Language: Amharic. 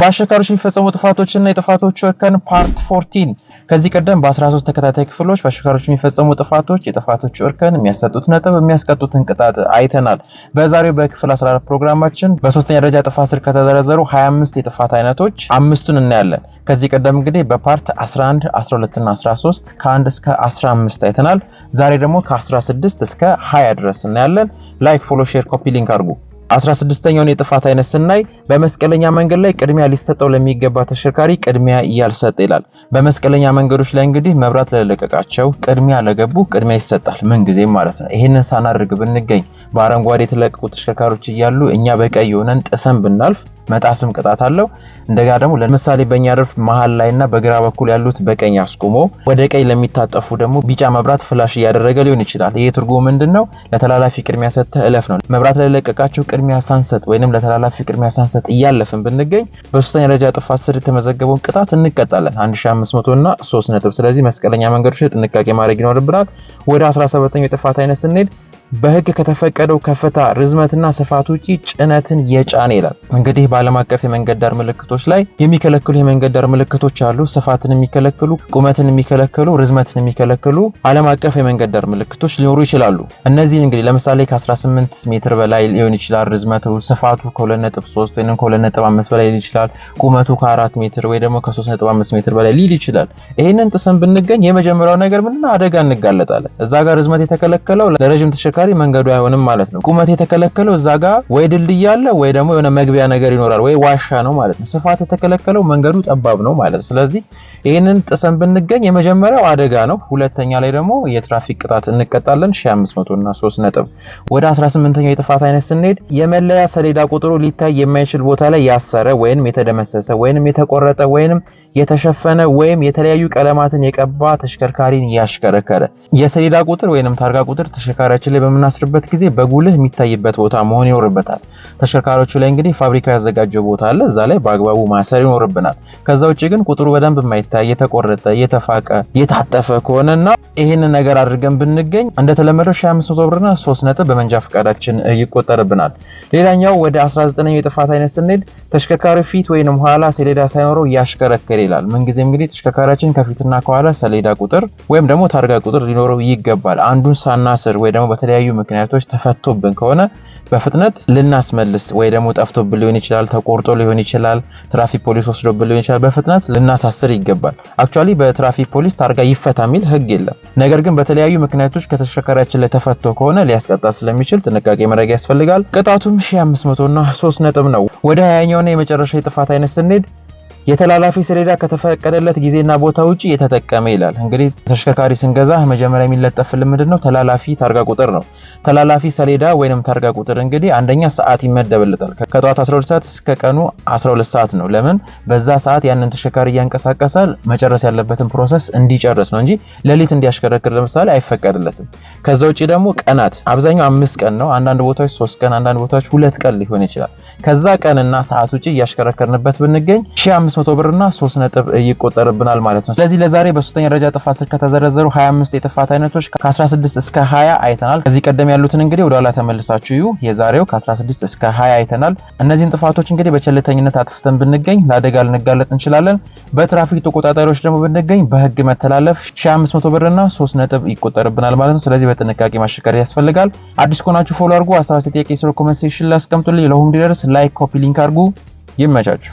በአሽከርካሪዎች የሚፈጸሙ ጥፋቶችና የጥፋቶቹ እርከን ፓርት 14 ከዚህ ቀደም በ13 ተከታታይ ክፍሎች በአሽከርካሪዎች የሚፈጸሙ ጥፋቶች፣ የጥፋቶቹ እርከን፣ የሚያሰጡት ነጥብ፣ የሚያስቀጡትን ቅጣት አይተናል። በዛሬው በክፍል 14 ፕሮግራማችን በሶስተኛ ደረጃ ጥፋት ስር ከተዘረዘሩ 25 የጥፋት አይነቶች አምስቱን እናያለን። ከዚህ ቀደም እንግዲህ በፓርት 11፣ 12 እና 13 ከ1 እስከ 15 አይተናል። ዛሬ ደግሞ ከ16 እስከ 20 ድረስ እናያለን። ላይክ፣ ፎሎ፣ ሼር፣ ኮፒ ሊንክ አድርጉ። 16ኛውን የጥፋት አይነት ስናይ በመስቀለኛ መንገድ ላይ ቅድሚያ ሊሰጠው ለሚገባ ተሽከርካሪ ቅድሚያ እያልሰጠ ይላል። በመስቀለኛ መንገዶች ላይ እንግዲህ መብራት ለለቀቃቸው፣ ቅድሚያ ለገቡ ቅድሚያ ይሰጣል ምንጊዜም ማለት ነው። ይህንን ሳናደርግ ብንገኝ በአረንጓዴ የተለቀቁ ተሽከርካሪዎች እያሉ እኛ በቀይ ሆነን ጥሰን ብናልፍ መጣስም ቅጣት አለው። እንደገና ደግሞ ለምሳሌ በእኛ ረድፍ መሀል ላይና በግራ በኩል ያሉት በቀኝ አስቁሞ ወደ ቀኝ ለሚታጠፉ ደግሞ ቢጫ መብራት ፍላሽ እያደረገ ሊሆን ይችላል። ይህ ትርጉሙ ምንድን ነው? ለተላላፊ ቅድሚያ ሰጥተህ እለፍ ነው። መብራት ለለቀቃቸው ቅድሚያ ሳንሰጥ ወይም ለተላላፊ ቅድሚያ ሳንሰጥ እያለፍን ብንገኝ በሶስተኛ ደረጃ ጥፋት ስር የተመዘገበውን ቅጣት እንቀጣለን 1500 እና 3 ነጥብ። ስለዚህ መስቀለኛ መንገዶች ላይ ጥንቃቄ ማድረግ ይኖርብናል። ወደ 17ኛው የጥፋት አይነት ስንሄድ በህግ ከተፈቀደው ከፍታ ርዝመትና ስፋት ውጪ ጭነትን የጫነ ይላል። እንግዲህ በዓለም አቀፍ የመንገድ ዳር ምልክቶች ላይ የሚከለክሉ የመንገድ ዳር ምልክቶች አሉ። ስፋትን የሚከለክሉ፣ ቁመትን የሚከለክሉ፣ ርዝመትን የሚከለክሉ ዓለም አቀፍ የመንገድ ዳር ምልክቶች ሊኖሩ ይችላሉ። እነዚህ እንግዲህ ለምሳሌ ከ18 ሜትር በላይ ሊሆን ይችላል ርዝመቱ፣ ስፋቱ ከ2.3 ወይም ከ2.5 በላይ ሊሆን ይችላል፣ ቁመቱ ከ4 ሜትር ወይ ደግሞ ከ3.5 ሜትር በላይ ሊል ይችላል። ይህንን ጥሰን ብንገኝ የመጀመሪያው ነገር ምን አደጋ እንጋለጣለን። እዛ ጋር ርዝመት የተከለከለው ለረጅም ተሸ ተሽከርካሪ መንገዱ አይሆንም ማለት ነው። ቁመት የተከለከለው እዛ ጋ ወይ ድልድይ አለ ወይ ደግሞ የሆነ መግቢያ ነገር ይኖራል ወይ ዋሻ ነው ማለት ነው። ስፋት የተከለከለው መንገዱ ጠባብ ነው ማለት ነው። ስለዚህ ይህንን ጥሰን ብንገኝ የመጀመሪያው አደጋ ነው። ሁለተኛ ላይ ደግሞ የትራፊክ ቅጣት እንቀጣለን 1500 እና 3 ነጥብ። ወደ 18ኛው የጥፋት አይነት ስንሄድ የመለያ ሰሌዳ ቁጥሩ ሊታይ የማይችል ቦታ ላይ ያሰረ ወይንም የተደመሰሰ ወይንም የተቆረጠ ወይንም የተሸፈነ ወይም የተለያዩ ቀለማትን የቀባ ተሽከርካሪን ያሽከረከረ የሰሌዳ ቁጥር ወይም ታርጋ ቁጥር ተሽከርካሪያችን ላይ በምናስርበት ጊዜ በጉልህ የሚታይበት ቦታ መሆን ይኖርበታል። ተሽከርካሪዎቹ ላይ እንግዲህ ፋብሪካ ያዘጋጀው ቦታ አለ። እዛ ላይ በአግባቡ ማሰር ይኖርብናል። ከዛ ውጭ ግን ቁጥሩ በደንብ የማይታይ የተቆረጠ፣ የተፋቀ፣ የታጠፈ ከሆነና ይህንን ነገር አድርገን ብንገኝ እንደተለመደው 1500 ብርና 3 ነጥብ በመንጃ ፈቃዳችን ይቆጠርብናል። ሌላኛው ወደ 19ኛው የጥፋት አይነት ስንሄድ ተሽከርካሪ ፊት ወይንም ኋላ ሰሌዳ ሳይኖረው ያሽከረክር ይላል። ምንጊዜ እንግዲህ ተሽከርካሪያችን ከፊትና ከኋላ ሰሌዳ ቁጥር ወይም ደግሞ ታርጋ ቁጥር ሊኖረው ይገባል። አንዱን ሳናስር ወይ ደግሞ በተለያዩ ምክንያቶች ተፈቶብን ከሆነ በፍጥነት ልናስመልስ ወይ ደግሞ ጠፍቶብን ሊሆን ይችላል፣ ተቆርጦ ሊሆን ይችላል፣ ትራፊክ ፖሊስ ወስዶብን ሊሆን ይችላል። በፍጥነት ልናሳስር ይገባል። አክቹዋሊ በትራፊክ ፖሊስ ታርጋ ይፈታ የሚል ህግ የለም። ነገር ግን በተለያዩ ምክንያቶች ከተሽከርካሪያችን ላይ ተፈቶ ከሆነ ሊያስቀጣ ስለሚችል ጥንቃቄ መድረግ ያስፈልጋል። ቅጣቱም 1500 እና 3 ነጥብ ነው። ወደ 20ኛው የሆነ የመጨረሻ የጥፋት አይነት ስንሄድ የተላላፊ ሰሌዳ ከተፈቀደለት ጊዜና ቦታ ውጭ የተጠቀመ ይላል። እንግዲህ ተሽከርካሪ ስንገዛ መጀመሪያ የሚለጠፍልን ምንድን ነው? ተላላፊ ታርጋ ቁጥር ነው። ተላላፊ ሰሌዳ ወይንም ታርጋ ቁጥር እንግዲህ አንደኛ ሰዓት ይመደብለታል። ከጠዋት 12 ሰዓት እስከ ቀኑ 12 ሰዓት ነው። ለምን? በዛ ሰዓት ያንን ተሽከርካሪ እያንቀሳቀሰ መጨረስ ያለበትን ፕሮሰስ እንዲጨርስ ነው እንጂ ሌሊት እንዲያሽከረክር ለምሳሌ አይፈቀድለትም። ከዛ ውጭ ደግሞ ቀናት አብዛኛው አምስት ቀን ነው። አንዳንድ ቦታዎች ሶስት ቀን፣ አንዳንድ ቦታዎች ሁለት ቀን ሊሆን ይችላል። ከዛ ቀንና ሰዓት ውጭ እያሽከረከርንበት ብንገኝ 300 ብር እና 3 ነጥብ ይቆጠርብናል ማለት ነው። ስለዚህ ለዛሬ በሶስተኛ ደረጃ ጥፋት ስር ከተዘረዘሩ 25 የጥፋት አይነቶች ከ16 እስከ 20 አይተናል። ከዚህ ቀደም ያሉትን እንግዲህ ወደ ኋላ ተመልሳችሁ እዩ። የዛሬው ከ16 እስከ 20 አይተናል። እነዚህን ጥፋቶች እንግዲህ በቸልተኝነት አጥፍተን ብንገኝ ለአደጋ ልንጋለጥ እንችላለን። በትራፊክ ተቆጣጣሪዎች ደግሞ ብንገኝ በህግ መተላለፍ 1500 ብር እና 3 ነጥብ ይቆጠርብናል ማለት ነው። ስለዚህ በጥንቃቄ ማሸከር ያስፈልጋል። አዲስ ከሆናችሁ ፎሎ አድርጉ። አስተያየት ጥያቄ ስለ ኮመንት ሴክሽን ላይ አስቀምጡልኝ። ለሁሉም እንዲደርስ ላይክ፣ ኮፒ ሊንክ አድርጉ። ይመቻችሁ።